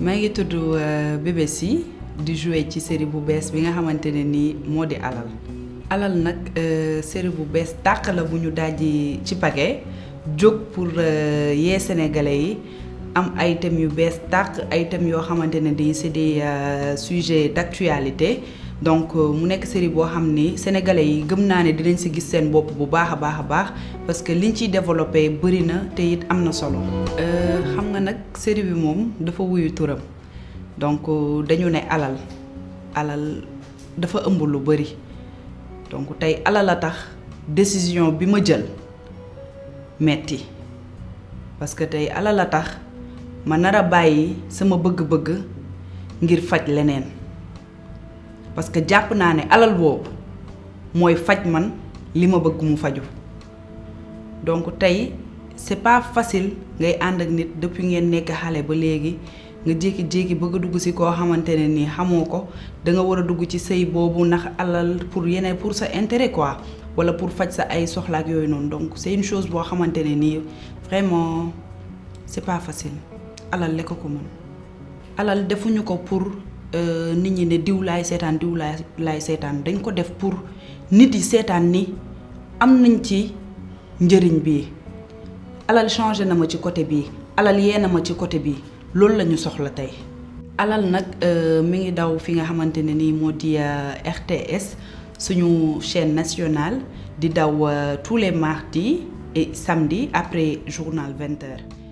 maa ngi tudd euh, Bébé yi di jouer ci série bu bees bi nga xamante ne nii moo di alal alal nag euh, série bu bees tàq la bu ñu dajji ci paquet jóg pour euh, yee sénégalais yi am ay thèmes yu bees tàq ay thèmes yoo xamante ne di c'est des sujets d'actualité donc euh, mu nekk série boo xam ni sénégalais yi gëm naa ne dinañ si gis seen bopp bu baax a baax a baax parce que liñ ciy développé bari na te it am na solo. Euh, xam nga nag série bi moom dafa wuyu turam donc euh, dañu ne alal alal dafa ëmb lu bëri donc tey alal a tax décision bi ma jël metti parce que tey alal a tax ma nar a bàyyi sama bëgg-bëgg ngir faj leneen. parce que jàpp naa ne alal boobu mooy faj man li ma bëgg mu faju donc tey c'est pas facile ngay ànd ak nit depuis ngeen nekk xale ba léegi nga jékki-jékki bëgg a dugg ci koo xamante ne nii xamoo ko da nga war a dugg ci sëy boobu ndax alal pour yeneen pour sa intérêt quoi walla pour faj sa ay soxla ak yooyu noonu donc c'est une chose boo xamante ne nii vraiment c'est pas facile alal lekk ko mën alal defuñu ko pour. Euh, nit ñi ne diw laay seetaan diw laay seetaan dañ ko def pour nit yi seetaan ni am nañ ci njëriñ bi alal changé na ma ci côté bii alal yee ma ci côté bii loolu la ñu soxla tey. alal nag euh, mi ngi daw fi nga xamante ne nii moo di euh, RTS suñu chaîne nationale di daw tous les mardis et samedis après journal 20h.